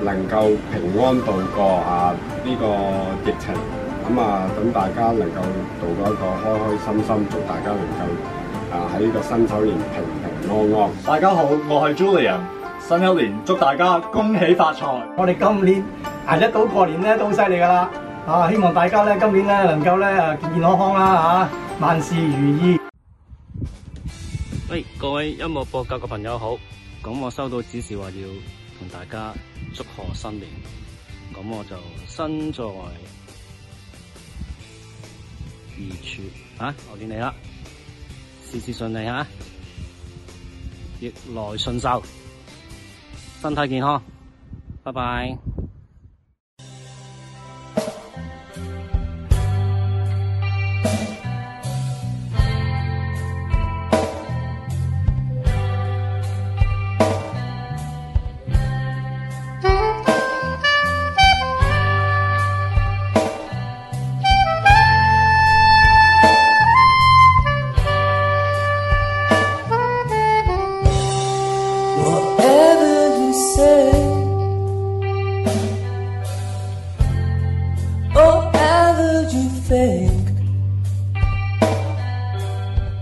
能夠平安渡過啊呢個疫情，咁啊等大家能夠渡過一個開開心心，祝大家能夠啊喺呢個新一年平平安安。大家好，我係 Julian，新一年祝大家恭喜發財。我哋今年挨得到過年咧都好犀利噶啦，啊希望大家咧今年咧能夠咧啊健健康康啦吓，萬事如意。喂，各位音樂博格嘅朋友好，咁我收到指示話要。同大家祝賀新年，咁我就身在異處啊，我見你喇，事事順利啊，逆來順受，身體健康，拜拜。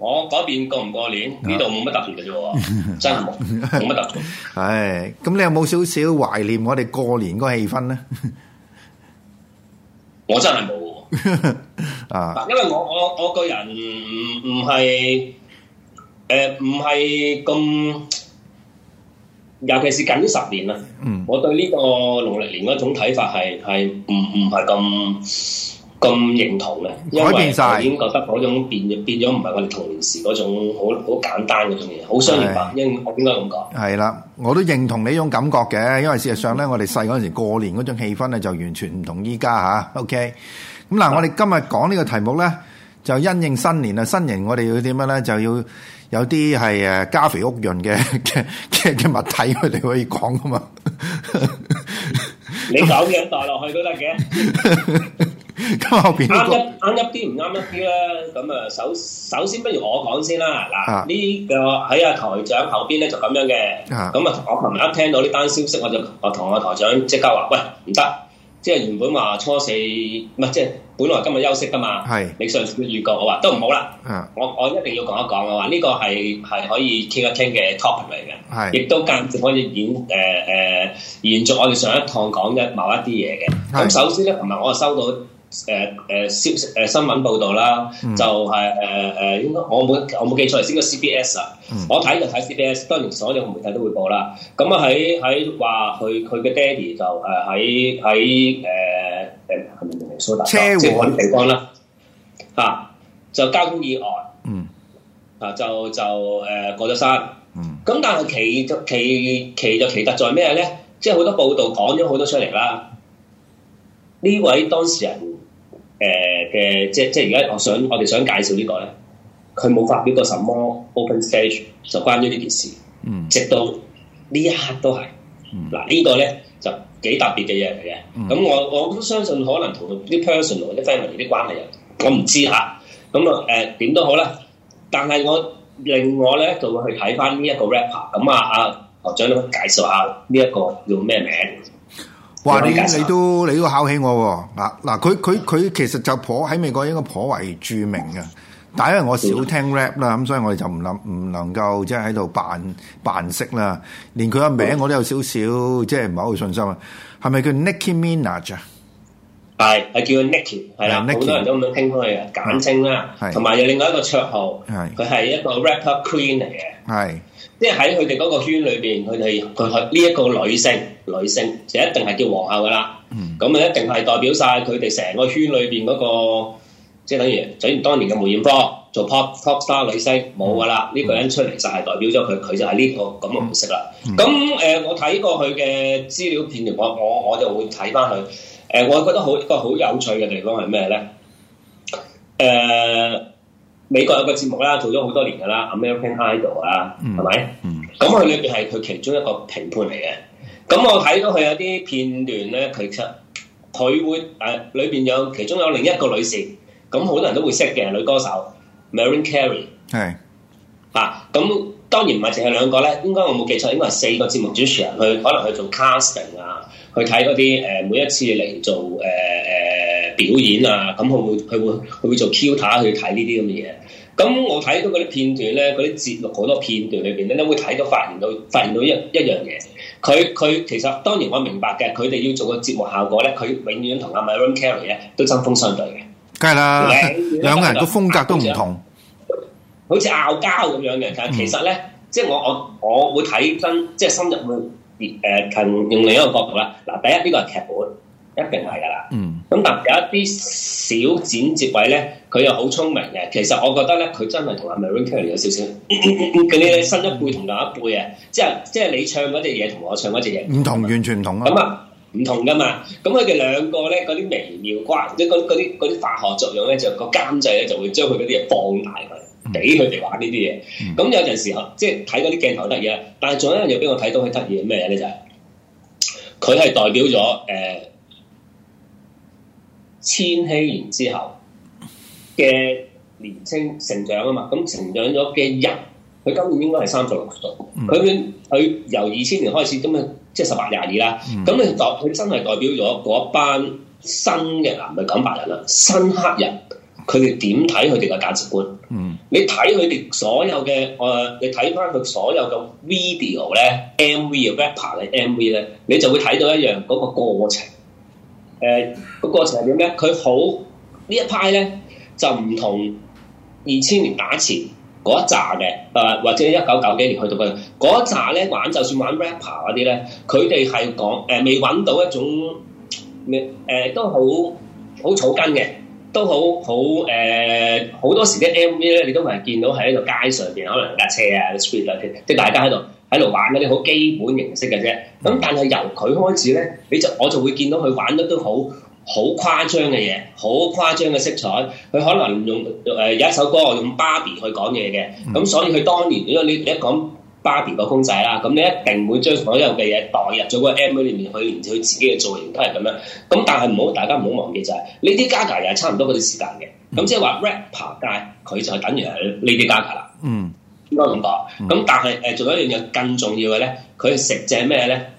我嗰邊過唔過年，呢度冇乜特別嘅啫，真係冇冇乜特別。唉咁，你有冇少少懷念我哋過年個氣氛咧？我真係冇啊，因為我我我個人唔唔係誒唔係咁，尤其是近呢十年啦，我對呢個農曆年嗰種睇法係係唔唔係咁。咁認同嘅，因為已經覺得嗰種變變咗，唔係我哋童年時嗰種好好簡單嗰種嘢，好商業化。因我應該咁講，係啦，我都認同你呢種感覺嘅，因為事實上咧，我哋細嗰陣時過年嗰種氣氛咧，就完全唔同依家嚇。OK，咁嗱，我哋今日講呢個題目咧，就因應新年啊，新年我哋要點樣咧，就要有啲係誒家肥屋潤嘅嘅嘅物體，佢哋可以講㗎嘛。你攪嘢落落去都得嘅。啱一啱一啲唔啱一啲咧，咁啊首首先不如我講先啦。嗱呢、啊啊這個喺阿、哎、台長後邊咧就咁樣嘅，咁啊我琴日一聽到呢單消息，我就我同阿台長即刻話：喂唔得！即係原本話初四，唔、啊、係即係本來今日休息噶嘛。係是你上次嘅預告，我話都唔好啦。是我我一定要講一講，我話呢個係係可以傾一傾嘅 topic 嚟嘅，係亦是都間接可以演誒誒、呃呃、延續我哋上一趟講嘅某一啲嘢嘅。咁首先咧，唔係我收到。誒誒消誒新聞報道啦，就係誒誒應該我冇我冇記錯係先個 CBS 啊、嗯，我睇就睇 CBS，當然所有媒體都會報啦。咁啊喺喺話佢佢嘅爹哋就誒喺喺誒誒蘇打即係嗰地方啦，嚇、啊啊啊啊、就交通意外，嗯啊就就誒、啊、過咗山，咁、啊、但係其就其其就其特在咩咧？即係好多報道講咗好多出嚟啦，呢位當事人。誒嘅、呃、即係即係而家，我想我哋想介紹呢個咧，佢冇發表過什麼 open stage，就關於呢件事。嗯，直到呢一刻都係。嗯，嗱、這個、呢個咧就幾特別嘅嘢嚟嘅。咁、嗯、我我都相信可能同啲 personal 或者 family 啲關係、呃、啊，啊，我唔知嚇。咁啊誒點都好啦，但係我令我咧就會去睇翻呢一個 rapper。咁啊，阿學長都介紹下呢一個叫咩名？話哇、嗯、你、嗯、你都你都考起我喎。嗱、嗱，佢佢佢其實就頗喺美國應該頗為著名嘅，但因為我少聽 rap 啦，咁所以我哋就唔諗，唔能夠即係喺度扮扮識啦，連佢個名我都有少少即係唔係好有信心啊，係咪叫 Nicki Minaj 啊？係，係叫 Nicki 係啦，好 Yeah, Nikki, 多人都咁樣稱呼佢，簡稱啦、啊。係的，同埋有另外一個綽號，係的，佢係一個 rapper queen 嚟嘅。係的，即係喺佢哋嗰個圈裏邊，佢哋佢呢一個女性，女性就一定係叫皇后噶啦。嗯，咁啊，一定係代表晒佢哋成個圈裏邊嗰、那個，即係等於等然當年嘅梅艷芳、嗯、做 pop pop star 女星冇噶啦，呢個人出嚟就係代表咗佢，佢就係呢、這個咁嘅角色啦。咁誒，嗯嗯嗯、我睇過佢嘅資料片段，我我我就會睇翻佢。誒、呃，我覺得好一個好有趣嘅地方係咩咧？誒、呃，美國有個節目啦，做咗好多年㗎喇，American Idol 啊，係咪、嗯？咁佢裏邊係佢其中一個評判嚟嘅。咁我睇到佢有啲片段咧，佢出佢會誒裏邊有其中有另一個女士，咁好多人都會識嘅女歌手 Mariah Carey 係嚇。咁是、啊、當然唔係淨係兩個咧，應該我冇記錯，應該係四個節目主持人去可能去做 casting 去睇嗰啲誒，每一次嚟做誒誒、呃、表演啊，咁佢會佢會佢會，會做 quota、er，去睇呢啲咁嘅嘢。咁我睇到嗰啲片段咧，嗰啲節目好多片段裏邊咧，你會睇到發現到發現到一一樣嘢。佢佢其實當然我明白嘅，佢哋要做個節目效果咧，佢永遠同阿 Mariah Carey 咧都針鋒相對嘅。梗係啦，兩個人都風格都唔同，嗯、好似拗交咁樣嘅。但其實咧，即係我我我，我會睇真，即係深入會。誒，近用另一個角度啦。嗱，第一呢個係劇本，一定係㗎啦。嗯。咁嗱，有一啲小剪接位咧，佢又好聰明嘅。其實我覺得咧，佢真係同阿 Mariah Carey 有少少嘅新一輩同老一輩啊，即係即係你唱嗰隻嘢同我唱嗰隻嘢唔同，完全唔同啊！咁啊、嗯，唔同㗎嘛。咁佢哋兩個咧，嗰啲微妙關即係嗰啲啲化學作用咧，就個監製咧就會將佢嗰啲嘢放大。俾佢哋玩呢啲嘢，咁、嗯、有陣時候即係睇嗰啲鏡頭得意啦，但係仲有一樣嘢俾我睇到佢得意係咩嘢咧？就係佢係代表咗誒、呃、千禧年之後嘅年青成長啊嘛，咁成長咗嘅人，佢今年應該係三十六歲，佢佢、嗯、由二千年開始，咁啊即係十八廿二啦，咁佢代佢真係代表咗嗰班新嘅啊，唔係講白人啦，新黑人。佢哋點睇佢哋嘅價值觀？嗯，你睇佢哋所有嘅誒、呃，你睇翻佢所有嘅 video 咧，MV 啊 rapper 咧，MV 咧，你就會睇到一樣嗰、嗰個過程。誒、呃，嗰個過程係點咧？佢好呢一派咧，就唔同二千年打前嗰一紮嘅誒，或者一九九幾年去到嗰一紮咧玩，就算玩 rapper 啲咧，佢哋係講誒未揾到一種咩誒、呃，都好好草根嘅。都好好誒，好、呃、多時啲 M V 咧，你都係見到喺個街上邊，可能架車啊 street 嗰即係大家喺度喺度玩嗰啲好基本形式嘅啫。咁但係由佢開始咧，你就我就會見到佢玩得都好好誇張嘅嘢，好誇張嘅色彩。佢可能用誒、呃、有一首歌我用芭比去講嘢嘅，咁、嗯、所以佢當年如果你一講，芭比個公仔啦，咁你一定會將所有嘅嘢代入咗個 MV 裏面去，連住佢自己嘅造型都係咁樣。咁但係唔好，大家唔好忘記就係呢啲 Gaga 又係差唔多嗰啲時間嘅。咁、嗯、即係話 rapper 界佢就係等於係呢啲 Gaga 啦。嗯，應該咁講。咁、嗯、但係誒做咗一樣嘢，更重要嘅咧，佢食正咩咧？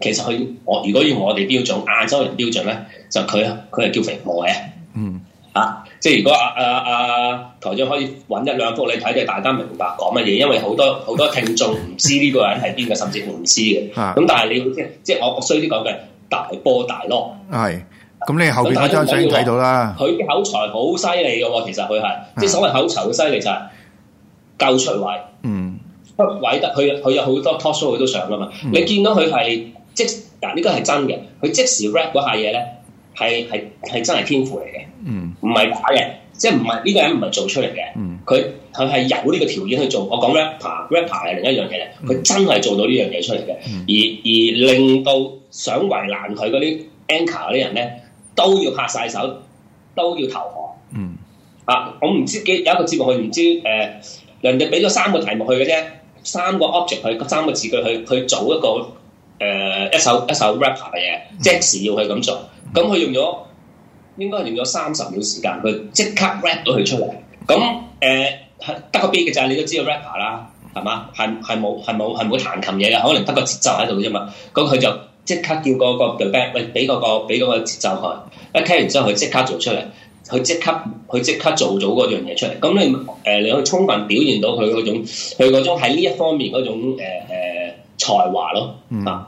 其實佢我如果要我哋標準亞洲人標準咧，就佢佢係叫肥婆嘅。嗯。嗯啊、即係如果阿阿阿台長可以揾一兩幅你睇嘅，大家明白講乜嘢？因為好多好多聽眾唔知呢個人係邊個，甚至乎唔知嘅。咁 但係你即係即係我衰啲講嘅大波大咯。係咁，你後邊張相睇到啦。佢啲口才好犀利嘅，其實佢係即係所謂口才好犀利就係夠出位。嗯，不韋德，佢佢有好多 talk show，佢都上噶嘛。嗯、你見到佢係即嗱呢個係真嘅，佢即時 rap 嗰下嘢咧，係係係真係天賦嚟嘅。嗯。唔係假嘅，即係唔係呢個人唔係做出嚟嘅，佢佢係有呢個條件去做。我講 rap，rapper p e、嗯、r 係另一樣嘢，佢真係做到呢樣嘢出嚟嘅，嗯、而而令到想圍難佢嗰啲 anchor 嗰啲人咧，都要拍晒手，都要投降。嗯，啊，我唔知幾有一個節目佢唔知誒、呃，人哋俾咗三個題目去嘅啫，三個 object 去，三個字句去去做一個誒、呃、一首一首 rapper 嘅嘢即 a 要佢咁做，咁佢、嗯嗯、用咗。嗯應該用咗三十秒時間，佢即刻 rap 到佢出嚟。咁、嗯、誒，得、嗯呃、個 beat 嘅就係你都知道 rapper 啦，係嘛？係係冇係冇係冇彈琴嘢嘅，可能得個，個，個，個節奏喺度啫嘛。咁佢就即刻叫個個 rap 喂，俾嗰個俾嗰個節奏佢。一聽完之後，佢即刻做出嚟，佢即刻佢即刻做咗嗰樣嘢出嚟。咁你誒、呃，你可以充分表現到佢嗰種佢嗰種喺呢一方面嗰種誒、呃呃、才華咯，嗱、嗯。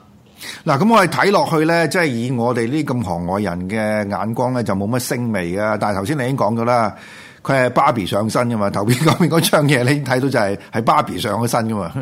嗱，咁我哋睇落去咧，即係以我哋呢咁行外人嘅眼光咧，就冇乜星味啊！但係頭先你已經講咗啦，佢係芭比上身噶嘛，頭邊嗰邊嗰張嘢你已經睇到就係係芭比上咗身噶嘛。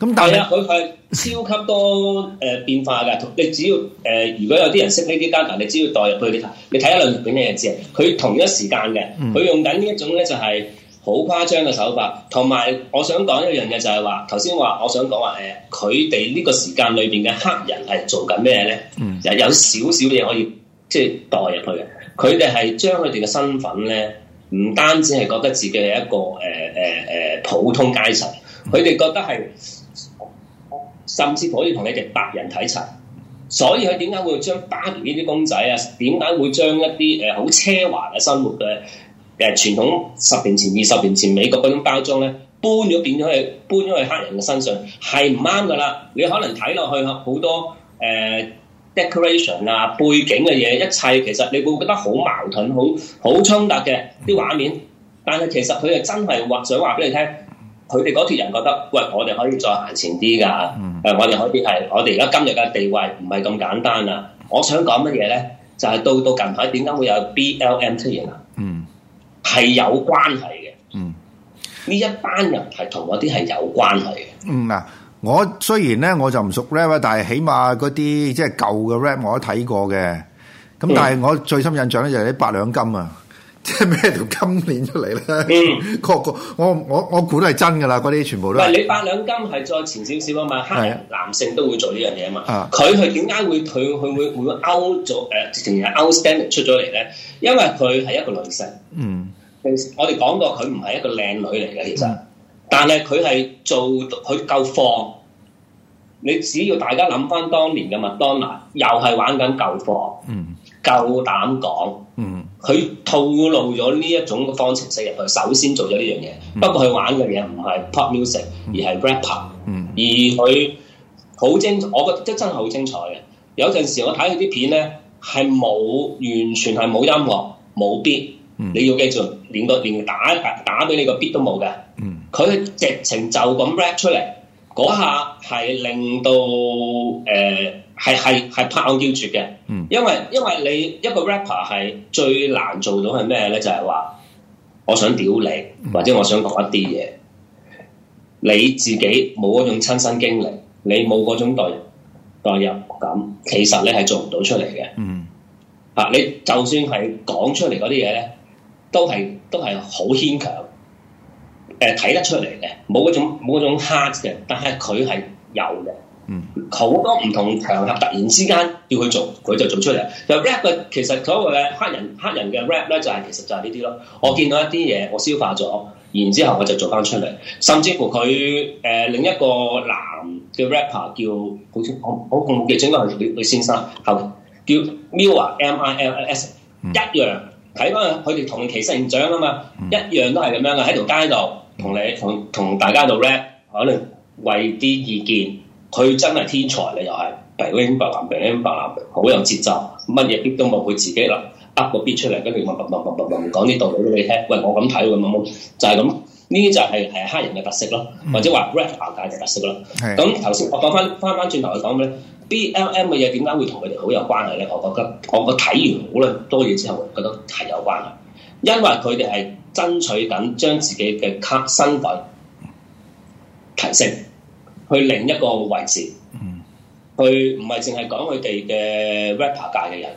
咁但係佢係超級多誒、呃、變化嘅，你只要誒、呃、如果有啲人識呢啲單，但你只要代入去你睇，你睇下圖片你就知啊。佢同一時間嘅，佢用緊呢一種咧就係、是。嗯好誇張嘅手法，同埋我想講一樣嘢，就係話，頭先話我想講話誒，佢哋呢個時間裏邊嘅黑人係做緊咩咧？嗯、有有少少嘢可以即係代入去嘅，佢哋係將佢哋嘅身份咧，唔單止係覺得自己係一個誒誒誒普通階層，佢哋覺得係甚至可以同你哋白人睇齊，所以佢點解會將芭比呢啲公仔啊？點解會將一啲誒好奢華嘅生活嘅？誒傳統十年前、二十年前美國嗰種包裝咧，搬咗變咗去，搬咗去黑人嘅身上係唔啱噶啦！你可能睇落去好多誒、呃、decoration 啊、背景嘅嘢，一切其實你會覺得好矛盾、好好衝突嘅啲畫面。但係其實佢哋真係話想話俾你聽，佢哋嗰團人覺得，喂，我哋可以再行前啲噶，誒、嗯呃，我哋可以係我哋而家今日嘅地位唔係咁簡單啊！我想講乜嘢咧，就係、是、到到近排點解會有 B L M 出現啊？嗯。係有關係嘅，嗯，呢一班人係同嗰啲係有關係嘅。嗯嗱，我雖然咧我就唔熟 rap，但係起碼嗰啲即係舊嘅 rap 我都睇過嘅。咁但係我最深印象咧就係啲八兩金啊，即係咩條金鏈出嚟咧？嗯，確 我我我估都係真噶啦，嗰啲全部都係。唔係你八兩金係再前少少啊嘛，黑男性都會做呢樣嘢啊嘛。佢佢點解會佢佢會會勾咗誒，成、呃、日 outstand 出咗嚟咧？因為佢係一個女性。嗯。我哋講過，佢唔係一個靚女嚟嘅，其實，但係佢係做佢夠放。你只要大家諗翻當年嘅麥當娜，又係玩緊夠放，夠膽講，佢套、嗯、露咗呢一種嘅方程式入去，首先做咗呢樣嘢。嗯、不過佢玩嘅嘢唔係 pop music，而係 rapper，嗯嗯、而佢好精，我覺得真係好精彩嘅。有陣時我睇佢啲片咧，係冇完全係冇音樂，冇 beat。你要記住，連個連打打俾你個 beat 都冇嘅，佢、嗯、直情就咁 rap 出嚟，嗰下係令到誒係係係拍案叫絕嘅，嗯、因為因為你一個 rapper 係最難做到係咩咧？就係、是、話我想屌你，或者我想講一啲嘢，嗯、你自己冇嗰種親身經歷，你冇嗰種代代入感，其實你係做唔到出嚟嘅。嗯，啊，你就算係講出嚟嗰啲嘢咧。都係都係好牽強，誒、呃、睇得出嚟嘅，冇嗰種冇嗰種 hard 嘅，但係佢係有嘅。嗯，好多唔同場合突然之間要去做，佢就做出嚟。就 rap 嘅，其實嗰個黑人黑人嘅 rap 咧，就係、是、其實就係呢啲咯。我見到一啲嘢，我消化咗，然之後我就做翻出嚟。甚至乎佢誒、呃、另一個男嘅 rapper 叫，好似我好共記準啦，係李先生，係叫 m, ror, m i u a M I L A S, S,、嗯、 一樣。睇翻佢哋同期成長啊嘛，嗯、一樣都係咁樣嘅喺條街度同你同同大家度 rap，可能為啲意見，佢真係天才咧又係，bling bling bling bling，好有節奏，乜嘢啲都冇佢自己啦，呃個 beat 出嚟，跟住慢慢慢慢講啲道理俾你聽，喂我咁睇，咁就係、是、咁，呢啲就係係黑人嘅特色咯，或者話 rap 界嘅特色咯。咁、嗯嗯、頭先我講翻翻翻轉頭講咧。B.L.M 嘅嘢點解會同佢哋好有關係咧？我覺得我個睇完好耐多嘢之後，我覺得係有關嘅，因為佢哋係爭取緊將自己嘅卡身份提升去另一個位置，嗯、去唔係淨係講佢哋嘅 rapper 界嘅人，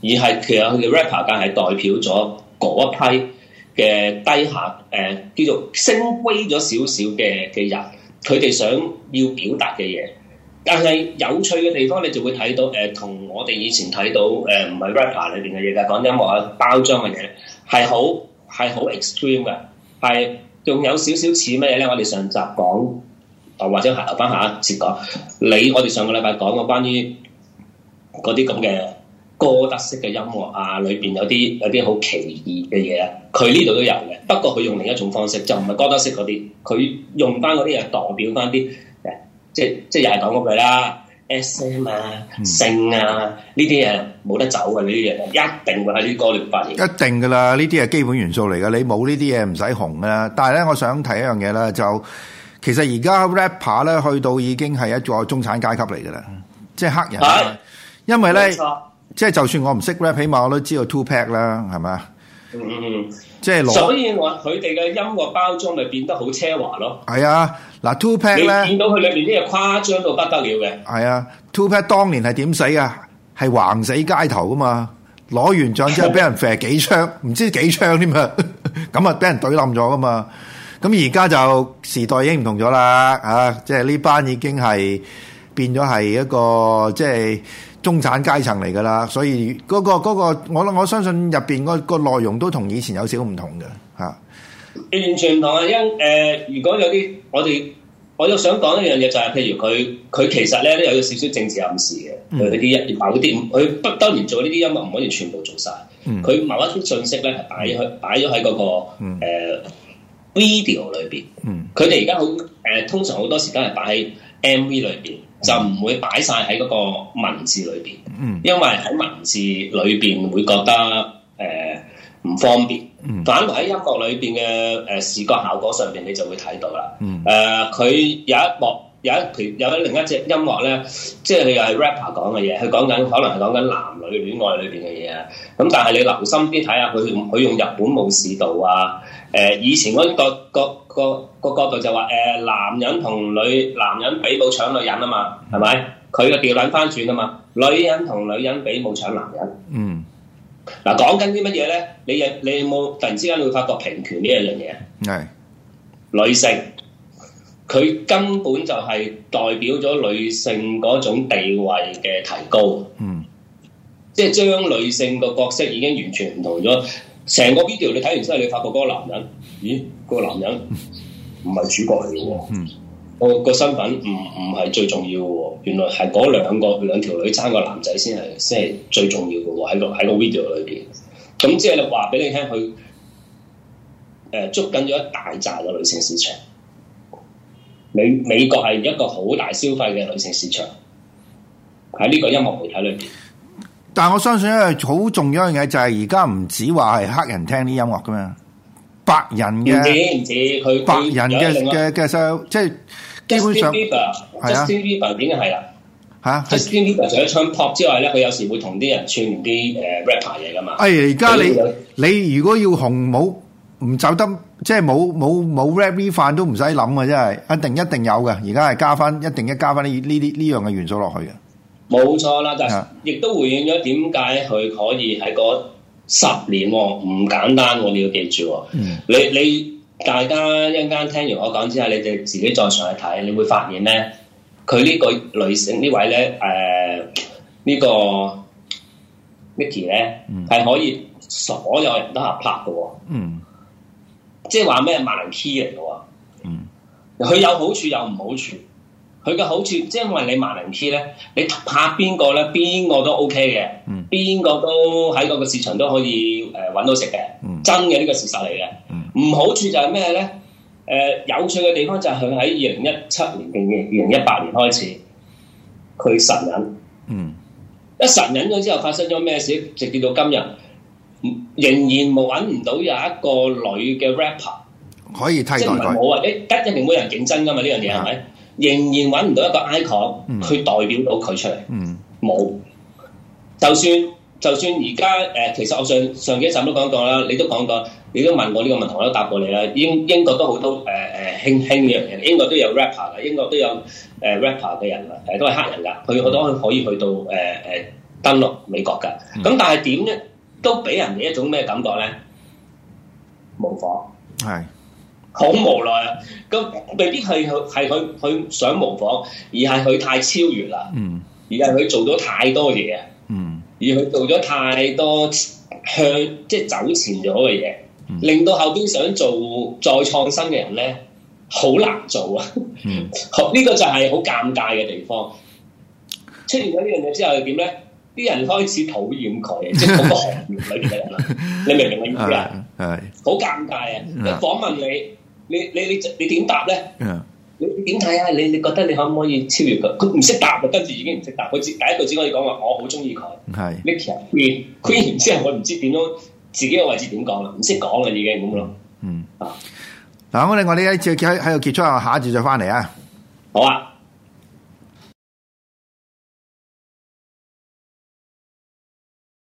而係其實佢哋 rapper 界係代表咗嗰一批嘅低下誒、呃、叫做升級咗少少嘅嘅人，佢哋想要表達嘅嘢。但係有趣嘅地方，你就會睇到誒、呃，同我哋以前睇到誒，唔係 rapper 裏邊嘅嘢嘅講音樂啊、包裝嘅嘢，係好係好 extreme 嘅，係仲有少少似乜嘢咧？我哋上集講，啊或者留翻下一節講，你我哋上個禮拜講個關於嗰啲咁嘅歌德式嘅音樂啊，裏邊有啲有啲好奇異嘅嘢，佢呢度都有嘅。不過佢用另一種方式，就唔係歌德式嗰啲，佢用翻嗰啲嘢代表翻啲。即即又係講嗰句啦，S M 啊、嗯、性啊呢啲啊，冇得走啊，呢啲嘢，一定會喺呢啲歌裏發現。一定嘅啦，呢啲係基本元素嚟嘅，你冇呢啲嘢唔使紅嘅啦。但係咧，我想提一樣嘢啦，就其實而家 rapper 咧去到已經係一個中產階級嚟嘅啦，即係黑人的因為咧即係就算我唔識 rap 起碼我都知道 Two Pack 啦，係咪啊？嗯嗯嗯，即係所以話佢哋嘅音樂包裝咪變得好奢華咯。係啊，嗱、啊、two pack 咧，你見到佢裏面啲嘢誇張到不得了嘅。係啊，two pack 當年係點死啊？係橫死街頭噶嘛，攞完獎之後俾人射幾槍，唔 知幾槍添啊！咁啊，俾人對冧咗噶嘛。咁而家就，就時代已經唔同咗啦，啊！即係呢班已經係變咗係一個即係，中產階層嚟噶啦，所以嗰、嗰個、嗰個我我相信入邊個個內容都同以前有少少唔同嘅吓。啊、完全唔同啊！因誒、呃，如果有啲我哋，我又想講一樣嘢就係、是，譬如佢佢其實咧都有少少政治暗示嘅，佢啲一某啲，佢不當然做呢啲音樂，唔可以全部做晒，佢、嗯、某一啲信息咧係擺去擺咗喺嗰個誒、嗯呃、video 裏邊，佢哋而家好誒，通常好多時間係擺喺 MV 裏邊。就唔會擺晒喺嗰個文字裏邊，嗯、因為喺文字裏邊會覺得誒唔、呃、方便。嗯、反而喺音樂裏邊嘅誒視覺效果上邊，你就會睇到啦。誒、嗯，佢、呃、有一幕有一段有另一隻音樂咧，即係佢又係 rapper 講嘅嘢，佢講緊可能係講緊男女戀愛裏邊嘅嘢啊。咁、嗯、但係你留心啲睇下，佢佢用日本武士道啊，誒、呃、以前嗰、那個個。那個個個角度，就話誒、呃，男人同女男人比武搶女人啊嘛，係咪？佢個調捻翻轉啊嘛，女人同女人比武搶男人。嗯、mm. 啊，嗱，講緊啲乜嘢咧？你有你有冇突然之間你會發覺平權呢一樣嘢？係、mm. 女性，佢根本就係代表咗女性嗰種地位嘅提高。嗯，mm. 即係將女性個角色已經完全唔同咗。成個 video 你睇完之後，你發覺嗰個男人。咦，個男人唔係主角嚟嘅，我個 身份唔唔係最重要嘅，原來係嗰兩個兩條女爭個男仔先係先係最重要嘅喎。喺個喺個 video 裏邊，咁、嗯、即係話俾你聽，佢誒、呃、捉緊咗一大扎嘅女性市場。美美國係一個好大消費嘅女性市場，喺呢個音樂媒體裏邊。但係我相信一咧，好重要嘅嘢就係而家唔止話係黑人聽啲音樂噶嘛。白人嘅，白人嘅嘅嘅即係基本上係啊 Justin Bieber 已經係啦嚇。Justin Bieber 除咗唱 pop 之外咧，佢有時會同啲人串啲誒 rapper 嘢噶嘛。誒，而家你你如果要紅冇唔走得，即係冇冇冇 rap 嘅飯都唔使諗啊！即係一定一定有嘅。而家係加翻一定一加翻啲呢啲呢樣嘅元素落去嘅。冇錯啦，就係亦都回應咗點解佢可以喺、個。十年喎，唔簡單喎，你要記住喎。嗯、mm.，你你大家一陣間聽完我講之後，你哋自己再上去睇，你會發現咧，佢呢個女性位呢位咧，誒、呃、呢、呢個 Nicki 咧，係、mm. 可以所有人都合拍嘅喎。嗯、mm.，即係話咩萬能 key 嚟嘅喎。嗯，佢有好處有唔好處。佢嘅好處，即係因為你萬能 key 咧，你拍邊個咧，邊個都 OK 嘅，邊個、嗯、都喺嗰個市場都可以誒揾到食嘅，嗯、真嘅呢、呢個事實嚟嘅。唔、嗯、好處就係咩咧？誒、呃、有趣嘅地方就係佢喺二零一七年定二零一八年開始，佢神隱。嗯，一神隱咗之後發生咗咩事？直至到今日，仍然冇揾唔到有一個女嘅 rapper 可以替代佢。冇啊！一一定會有人競爭噶嘛？呢樣嘢係咪？仍然揾唔到一個 icon，佢、嗯、代表到佢出嚟，冇、嗯。就算就算而家誒，其實我上上幾集都講過啦，你都講過，你都問過呢個問題，我都答過你啦。英英國都好多誒誒輕輕嘅人，英國都有 rapper 啦，英國都有誒 rapper 嘅人啦，誒、呃、都係黑人㗎，佢好、嗯、多可以去到誒誒、呃、登陸美國㗎。咁但係點咧？都俾人哋一種咩感覺咧？冇火。係。好無奈啊！咁未必係係佢佢想模仿，而係佢太超越啦。嗯，而係佢做咗太多嘢。嗯，而佢做咗太多向，即係走前咗嘅嘢，令到後邊想做再創新嘅人咧，好難做啊！嗯，呢個就係好尷尬嘅地方。出現咗呢樣嘢之後係點咧？啲人開始討厭佢，即係整個行業裏邊嘅人啦。你明唔明我意思啊？係好 Hey, yeah. 尷尬啊！一訪 Yeah. 問你。你你你你點答咧？嗯，你點睇啊？你你，你覺得你可唔可以超越佢？佢唔識答啊，跟住已經唔識答。佢只第一句只可以講話，我好中意佢。係是。然之後佢佢唔知係我唔知點樣自己個位置點講啦，唔識講啦已經咁咯。嗯啊，嗱，我哋我哋一節喺度結束啊，下一節再翻嚟啊。好啊。